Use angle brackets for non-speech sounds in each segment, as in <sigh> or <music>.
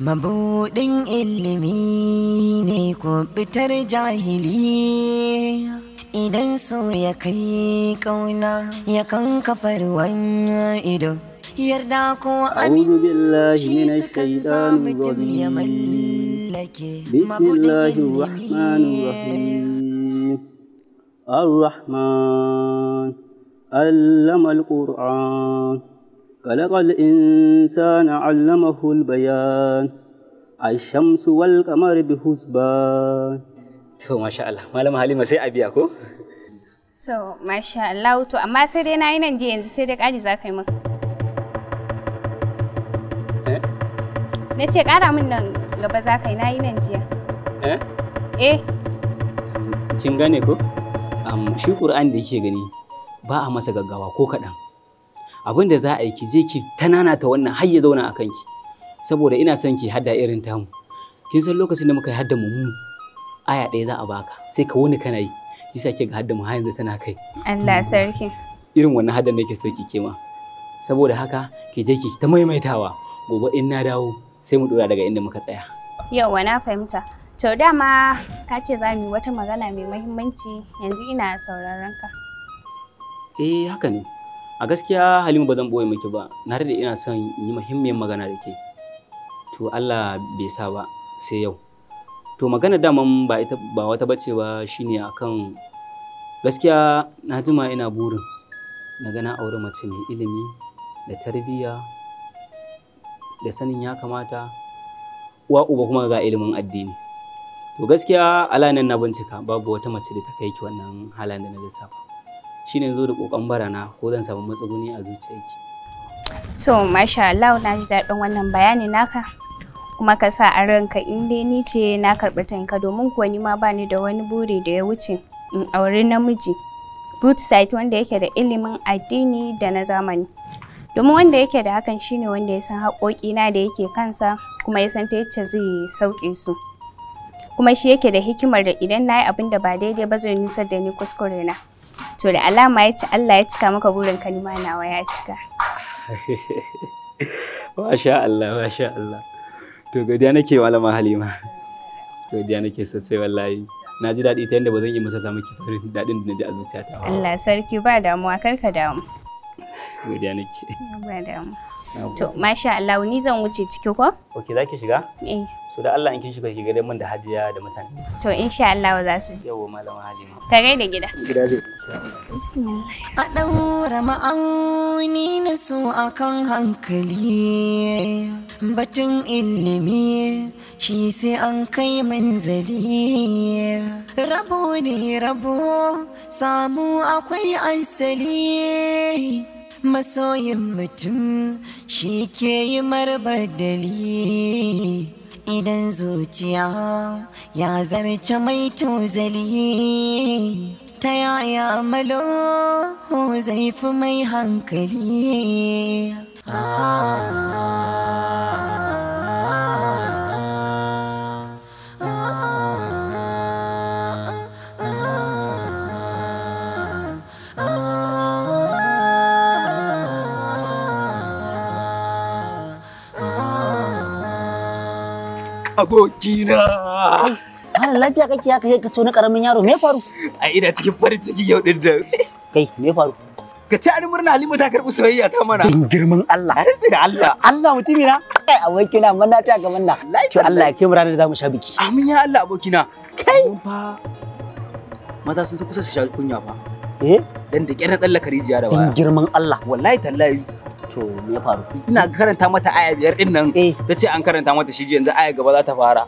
Mabuɗin ilimi ne kuɓitar jahili idan so ya kai ƙauna ya kan kafar wani ido yarda ko aminci sukan samu dumi ya mallake mabuɗin ilimi الرحمن علم القرآن خلق الإنسان علمه البيان الشمس والقمر بحسبان تو ما شاء malama Halima sai a biya ko أكو تو ما شاء amma sai dai nayi nan je yanzu sai dai ƙari za ka yi maka na ce ƙara min nan gaba kin gane ko shi Qur'ani da yake gani ba a masa gaggawa ko kaɗan abin da za a yi ki je ki tanana ta wannan har ya zauna a kanki saboda ina son ki hadda irin tamu kin san lokacin da muka hadda mu mu aya ɗaya za a baka sai ka wuni kana yi yasa ke ga hadda mu yanzu tana kai Allah sarki irin wannan haddan nake so ki kema saboda haka ki je ki ta maimaitawa gobe in na dawo sai mu dora daga inda muka tsaya yawa na fahimta to dama ka ce za mu yi wata magana mai muhimmanci yanzu ina sauraron ka eh haka ne a gaskiya halima ba zan boye miki ba na da ina son yi muhimmiyar magana da ke to Allah bai sa ba sai yau to magana daman ba ita ba wata bace ba shine akan gaskiya na jima ina burin na gana aure mace mai ilimi da tarbiyya da sanin ya kamata uwa uba kuma ga ilimin addini to gaskiya nan na bincika babu wata mace da ta kai ki wannan halan da na lissafa shine zo da kokon barana ko zan samu matsuguni a zuciyarki so masha Allah na ji daɗin wannan bayani naka kuma ka sa a ranka in dai ni ce na karɓi tanka domin kuwa ni ma bani da wani buri da ya wuce in aure namiji boot site wanda yake da ilimin addini da na zamani domin wanda yake da hakan shine wanda ya san na da yake kansa kuma ya san ta yacce zai sauke su kuma shi yake da hikimar da idan na yi abin da ba daidai ba zai nusar da ni kuskure na to da alama ya ci Allah ya cika maka burin kalima nawa ya cika <laughs> masha Allah masha Allah to godiya nake malama halima godiya nake sosai wallahi na ji daɗi ta yadda ba zan yi masa miki farin daɗin da na ji a zuciyata Allah sarki ba damuwa kar ka damu godiya nake ba damu To, masha Allah, ni zan wuce ciki ko? okay za ki shiga? Eh. So da Allah in kin shiga ki gare min da Hajiya da mutane. To, insha Allah za su je. Yawwa malama Hajima. Ka da gida. Gida zai. Bismillah. A ɗaura ma'auni na so akan hankali. Batun ilimi shi sai an kai manzali. Rabo ne rabo, samu akwai asali. masoyin mutum shi ke yi marbadali idan zuciya ya zarce mai tozali ta yaya malo zai fi mai hankali ah. abokina. Hana lafiya kake haka ka ce karamin yaro me faru? Ai ina cikin farin ciki yau din da. Kai me faru? Ka ci ani murna Halima ta karɓi soyayya ta mana. Din girman Allah. Na sai da Allah. Allah mutumi na. Kai abokina na ta ga na. To Allah ya kai ranar da zamu sha biki. Amin ya Allah abokina. Kai. mata sun kusa su sha kunya fa. Eh? Dan da kyar na tsallaka rijiya da ba. Din girman Allah. Wallahi tallahi to me ya faru ina karanta mata aya biyar din nan eh. ta ce an karanta mata shi yanzu aya gaba za ta fara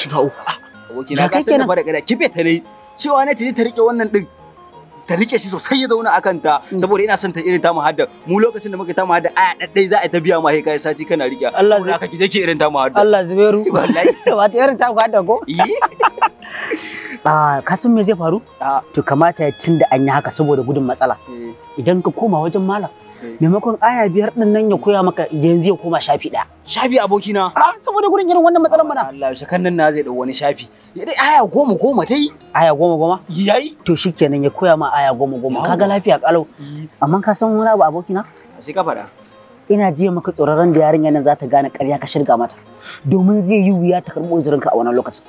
shiga uku ah, aboki na ka sani ba da kife ta ne cewa na ta je ta riƙe wannan din ta riƙe shi sosai ya zauna akan ta mm. saboda ina son ta irin ta muhadda mu lokacin da muka ta muhadda aya daddai za a ta biya ma sai kai sati kana rike Allah zai ka kije ki irin ta muhadda Allah zubairu <laughs> wallahi <laughs> ba ta irin ta muhadda ko <laughs> Ah, ka san me zai faru? Ah. To kamata ya tun da an yi haka saboda gudun matsala. Eh. Idan ka koma wajen malam, maimakon aya biyar din nan ya koya maka yanzu ya koma shafi ɗaya. Shafi abokina. A ah, saboda gurin irin wannan matsalar mana. Allah kan nan na zai dau wani shafi. Ya dai aya goma goma dai. Aya goma goma? Yayi. To shikenan ya koya ma aya goma goma. Kaga lafiya kalau. Amma ka san wani abu abokina? Sai ka faɗa. Ina jiya maka tsoron da yarinya nan za ta gane ƙarya ka shirga mata. Domin zai yi wuya ta karɓo uzurinka a wannan lokacin.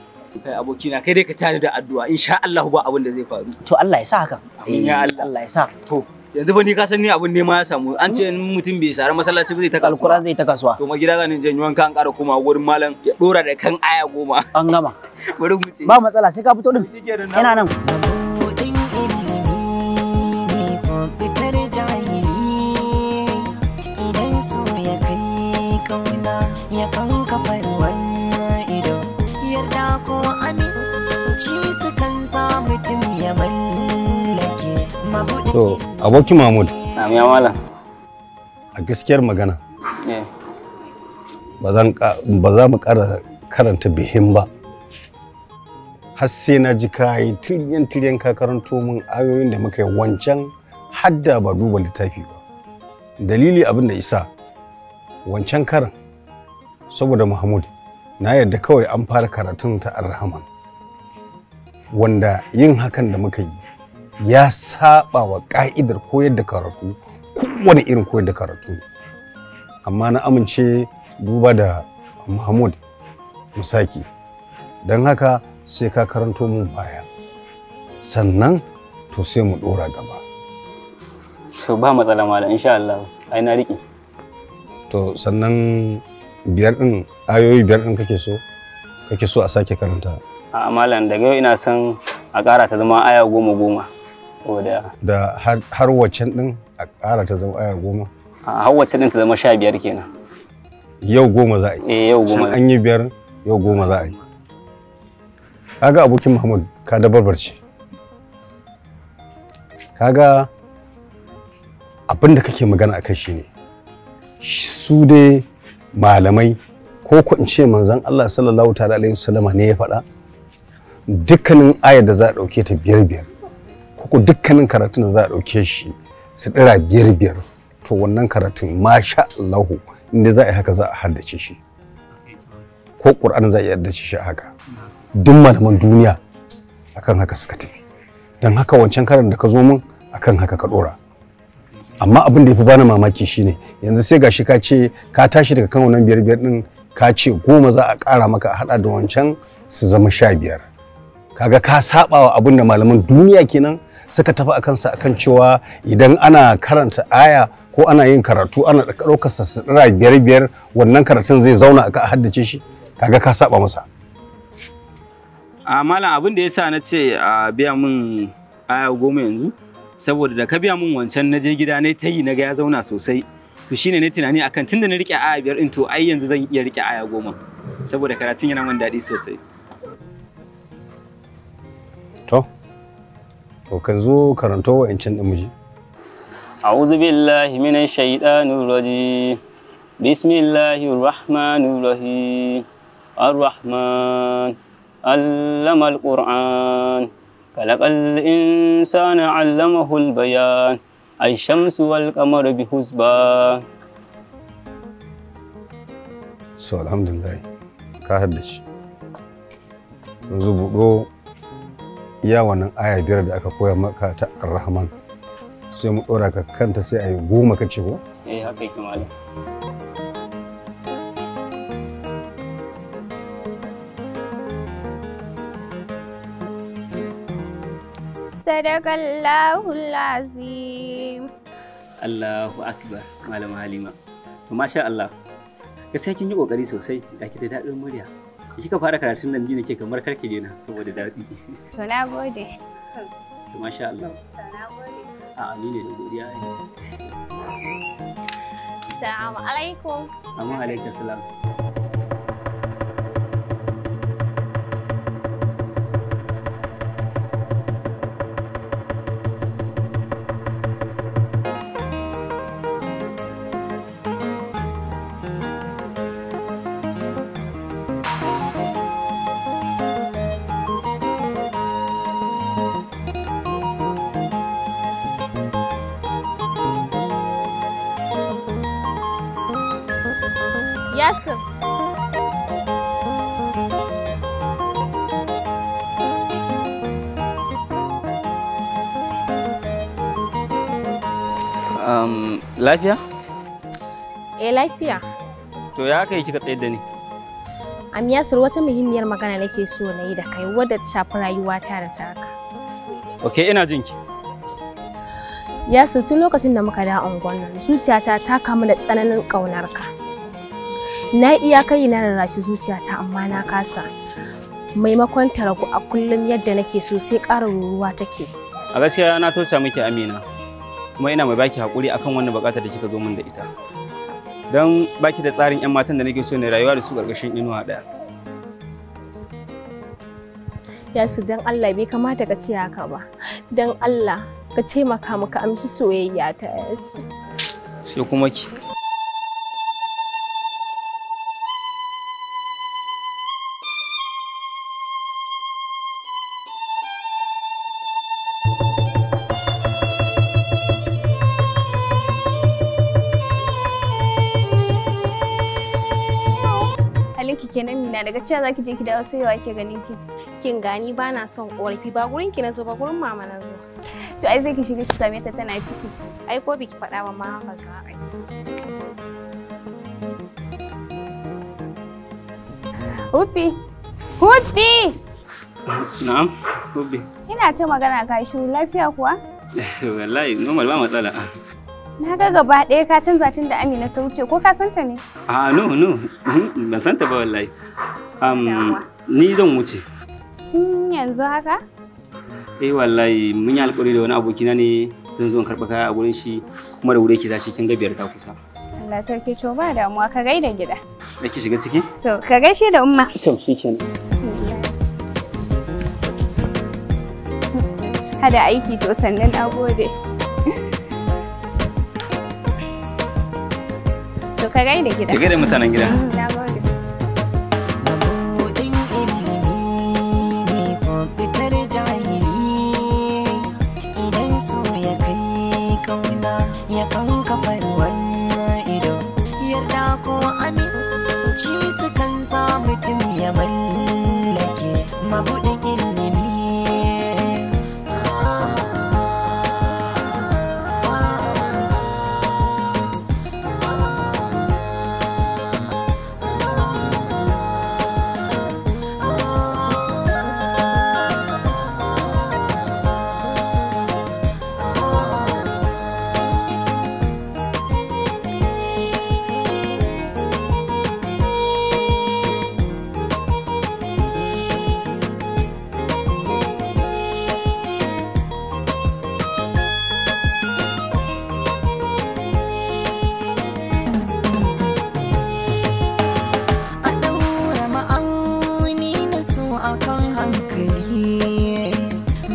kai abokina kai dai ka tare da addu'a insha Allah ba abin da zai faru to Allah ya sa haka amin ya Allah Allah ya sa to yanzu ba ni ka san ni abin nema ya samu an ce mutum bai sara masallaci bai zai ta kasuwa zai ta kasuwa to magida ganin jan yuwan kan kara kuma koma wurin malam ya dora da kan aya goma an gama <laughs> bari mu ce ba matsala sai ka fito din ina nan So, aboki mahmud malam a gaskiyar magana eh. ba za mu ƙara karanta bihin ba har sai na ji kayi tiryan tiryan ka karanto min ayoyin da muka yi wancan hadda ba duba littafi ba dalili abin da isa wancan karan saboda mahmud na yarda kawai an fara karatun ta arhaman wanda yin hakan da muka yi ya saba wa ka'idar koyar da karatu kowane irin koyar da karatu amma na amince duba da mahmud musaki don haka sai ka karanto mun baya sannan to sai mu dora gaba to ba matsala malam insha Allah ai na riƙe to sannan biyar din ayoyi biyar din kake so kake so a sake karanta a malam daga yau ina son a ƙara ta zama aya goma goma saboda da har waccan din a ƙara ta zama aya goma a har waccan din ta zama sha biyar kenan yau goma za a yi eh, yau goma an yi biyar yau goma za a yi kaga abokin Muhammad ka da barbarce kaga abin da kake magana a kai shine su dai malamai ko ku in ce manzon Allah sallallahu ta'ala alaihi wasallama ne ya faɗa dukkanin ayar da za a ɗauke ta biyar biyar farko dukkanin karatun da za a ɗauke shi su ɗira biyar biyar to wannan karatun masha Allahu inda za a yi haka za a haddace shi ko ƙur'an za a iya haddace shi haka duk malaman duniya akan haka suka tafi don haka wancan karan da ka zo min akan haka ka ɗora amma abin da ya fi bani mamaki shine yanzu sai gashi ka ce ka tashi daga kan wannan biyar biyar din ka ce goma za a ƙara maka a haɗa da wancan su zama sha biyar kaga ka saba wa abin da malaman duniya kenan suka tafi a kansa akan cewa idan ana karanta aya ko ana yin karatu ana ɗaukar sassira biyar biyar wannan karatun zai zauna a haddace shi kaga ka saba masa a abin da ya sa na ce a biya min aya goma yanzu saboda da ka biya min wancan na je gida ne ta yi na ga ya zauna sosai to shine ne tunani akan tunda na rike aya biyar din to ai yanzu zan iya rike aya goma saboda karatun yana min daɗi sosai to kan zo karanto wa incin da miji. A'udhu billahi minash shaitanir rajim. Bismillahir rahmanir rahim. Ar-Rahman. Allama al-Qur'an. Kalaqal insana 'allamahu al-bayan. Ash-shamsu wal qamaru bi husban. So alhamdulillah. Ka haddace. Yanzu buɗo iya wannan aya biyar da aka koya maka ta ar-rahman sai mu ɗora ka kanta sai a yi goma kace ko? eh haka yake malam sadakallahul azim Allahu akbar malama Halima to masha Allah gaskiya kin yi kokari sosai da ki da daɗin murya kika fara karatun nan ji nake kamar karki dena saboda daɗi to na gode to masha Allah to na gode a amine da godiya assalamu alaikum amma alaikum salam Lafiya? Eh lafiya. To ya kai kika tsayar da ni? Amiyasir wata muhimmiyar magana nake so na yi da kai wadda ta shafi rayuwata da taka. Ok ina jin ki. Yasir tun lokacin da muka da unguwar nan zuciyata ta kama da tsananin ka Na iya kai na rarrashi zuciyata amma na kasa. Maimakon ta a kullum yadda nake so sai ƙara ruruwa take. A gaskiya na tosa miki Amina. kuma ina mai baki hakuri akan wannan buƙatar da kika zo min da ita don baki da tsarin yan matan da nake so ne rayuwa da su ƙarƙashin inuwa daya su don Allah bai kamata ka ce haka ba don Allah ka taimaka maka amshi soyayya ta yasu sai kuma ki daga cewa zaki je ki dawo sai yawa ke ganin ki kin gani ba na son korafi ba gurin ki nazo ba gurin mama nazo to ai sai ki shiga ki same ta tana ciki ai ko biki faɗa wa mama ba za a Hupi! Hupi! Na'am, Hupi. Ina ta magana ga shi lafiya kuwa? <laughs> Wallahi, normal ba matsala. Na ga gaba ɗaya ka canza tun da Amina ta wuce ko ka santa ne? Ah no no, mhm, ban santa ba wallahi. ni zan wuce. Tun yanzu haka? Eh wallahi mun yi alƙawari da wani abokina ne zan zo in karɓi kaya a gurin shi kuma da wuri yake tashi kin ga biyar ta kusa. Allah sarki to ba damuwa ka gaida gida. Da ki shiga ciki? To ka gaishe da umma. To shikenan. Hada aiki to sannan na gode. To ka gaida gida. Ka gaida mutanen gida. Na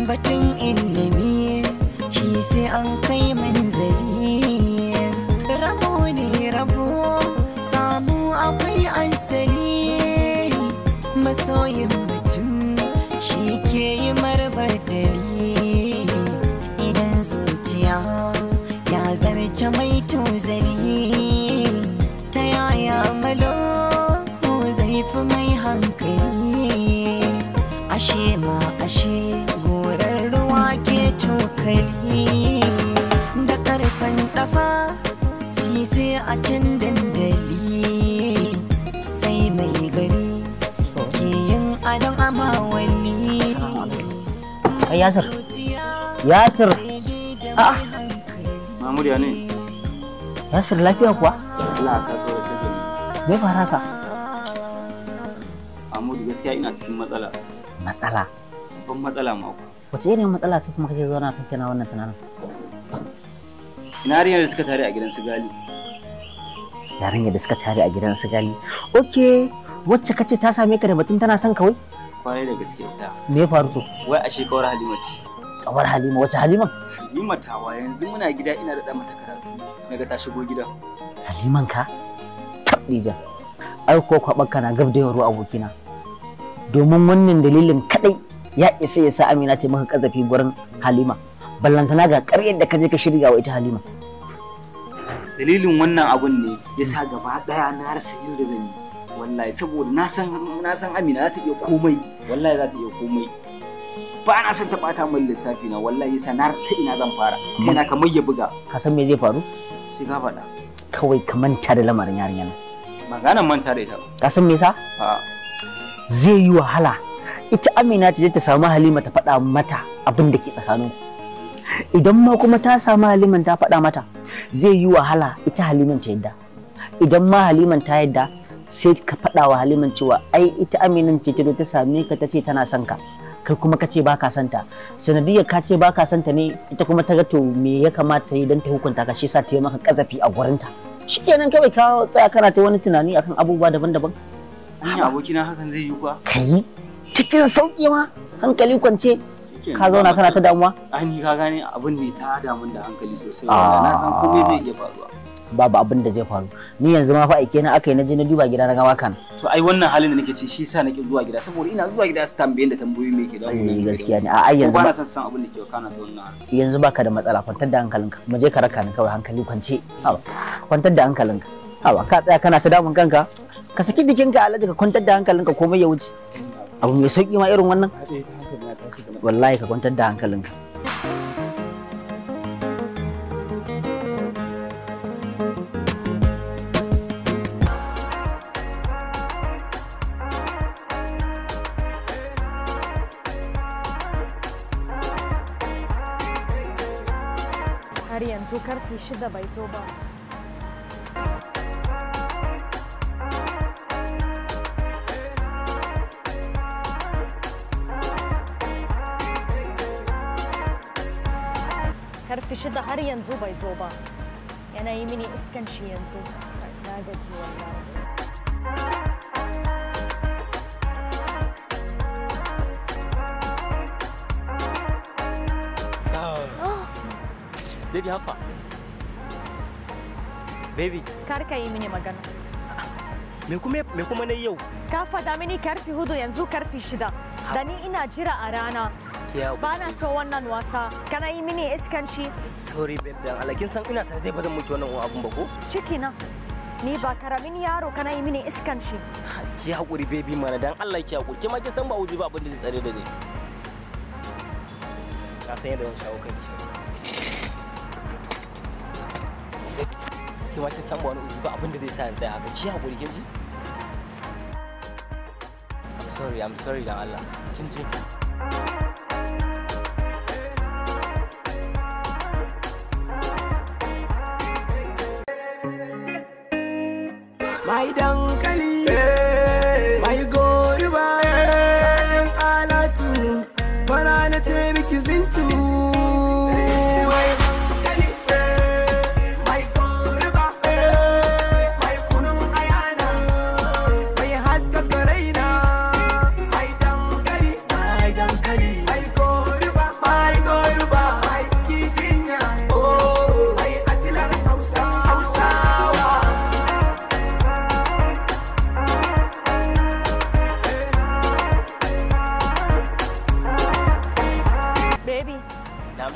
batun ilimi hankali da karfin dafa a can dandali sai mai gari ke yasir yasir ah ne yasir lafiya kuwa Allah fara ka gaskiya ina cikin matsala matsala wace irin matsala ta kuma kake zauna kake na wannan tunanin yarinyar da suka tare a gidan su gali yarinyar da suka tare a gidan su gali okay wacce kace ta same ka da batun tana son kawai kwarai da gaske ta me ya faru to wai a shekawar halima ce kawar halima wace halima halima tawa yanzu muna gida ina da mata karatu naga ta shigo gidan haliman ka tabdija ai ko kwabar kana gab da ruwa abokina domin wannan dalilin kadai ya isa ya sa Amina ta maka kazafi gurin Halima ballantana ga ƙaryar da kaje ka shirya wa ita Halima dalilin wannan abun ne ya sa gaba daya na rasa yadda zan yi wallahi saboda na san na san Amina za ta iya komai wallahi za ta iya komai ba na san ta bata min lissafi na wallahi yasa na rasa ta ina zan fara kai na kamar ya buga ka san me zai faru shi ka faɗa kawai ka manta da lamarin yarinya nan maganan manta da ita ka san me yasa zai yi wahala ita amina ta je ta samu halima ta faɗa mata abin da ke tsakanin idan ma kuma ta samu haliman ta faɗa mata zai yi wahala ita haliman ta yadda idan ma haliman ta yadda sai ka faɗa wa haliman cewa ai ita aminan ce ta ta same ka ta ce tana son ka kai kuma ka ce baka son ta sanadiyar ka ce baka son ta ne ita kuma ta ga to me ya kamata yi don ta hukunta ka shi yasa ta yi maka kazafi a gurinta shikenan kawai ka tsaya kana ta wani tunani akan abubuwa daban-daban ni abokina hakan zai yi kuwa kai cikin sauƙi ma hankali kwance ka zauna kana ta damuwa ani ka gane abin ne ta damun da hankali sosai ah. na san komai zai iya faruwa babu abin da zai faru ni yanzu ma fa aike na aka yi na je na duba gida na ga wakan to ai wannan halin da nake ci shi yasa nake zuwa gida saboda ina zuwa gida su tambaye da tambayoyi me ke da wannan eh, gaskiya ne a ai yanzu ba san san abin da ke kana da wannan yanzu baka da matsala kwantar da hankalinka mu je ka raka ni kawai hankali kwance kwantar da hankalinka haba ka tsaya kana ta damun kanka ka saki jikinka alhaji ka kwantar da hankalinka komai ya wuce abu mai sauki ma irin wannan wallahi ka kwantar da hankalinka har yanzu karfe shida bai so ba karfi shida har yanzu bai zo ba yana yi mini iskanci yanzu na ah. Baby haffa. Baby. Kar ka yi mini magana. Me kuma me na yau? Ka fada mini karfi hudu yanzu karfi shida. Da ina jira a rana. gaskiya ba so wannan wasa kana yi mini iskanci sorry babe dan Allah kin san ina sanar dai bazan zan wannan abun ba ko shikenan ni ba karamin yaro kana yi mini iskanci ki hakuri baby mana dan Allah ki hakuri ki ma kin san ba wuji ba abin da zai tsare da ni ka san yadda zan shawo kanki ki ma kin san ba wani wuji ba abin da zai sa in tsaya haka ki hakuri kin ji I'm sorry, I'm sorry, Allah. Kin ji? mai dankali eh.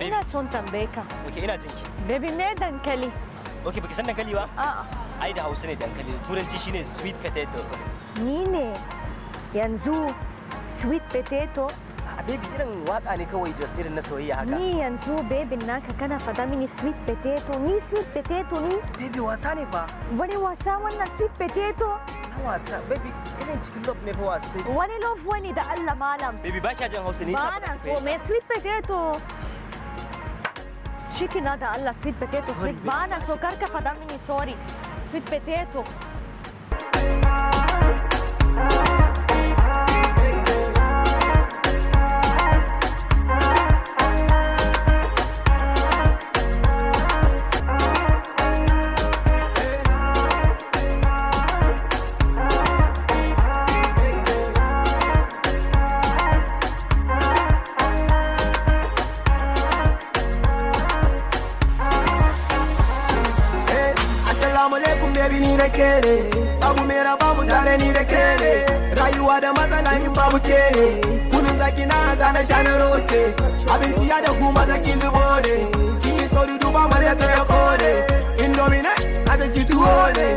ina son tambaye ka ok ina jin ki baby me dankali ok baki san dankali ba a'a ai da hausa ne dankali turanci shine sweet potato ni ne yanzu sweet potato a baby irin waka ne kawai jos irin na soyayya haka ni yanzu baby naka kana fada mini sweet potato ni sweet potato ni baby wasa ne ba wani wasa wannan sweet potato wasa baby irin cikin love ne fa wasa wani love wani da Allah malam baby ba kya jin hausa ne ba na so me sweet potato chicken alla sweet potato, sorry, sweet banana, so carca fa dammi sorry, sweet potato. ke ne abu tare ni da ke ne rayuwa da matsala in babu ke ne kunun zaki na zana sha na roke abinci ya da kuma zaki zubo ne ki yi sauri duba mare ta ya kone indomine a ta ci tuwo ne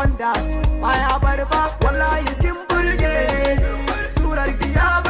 wanda baya barba wallahi kin burge ni surar ki ya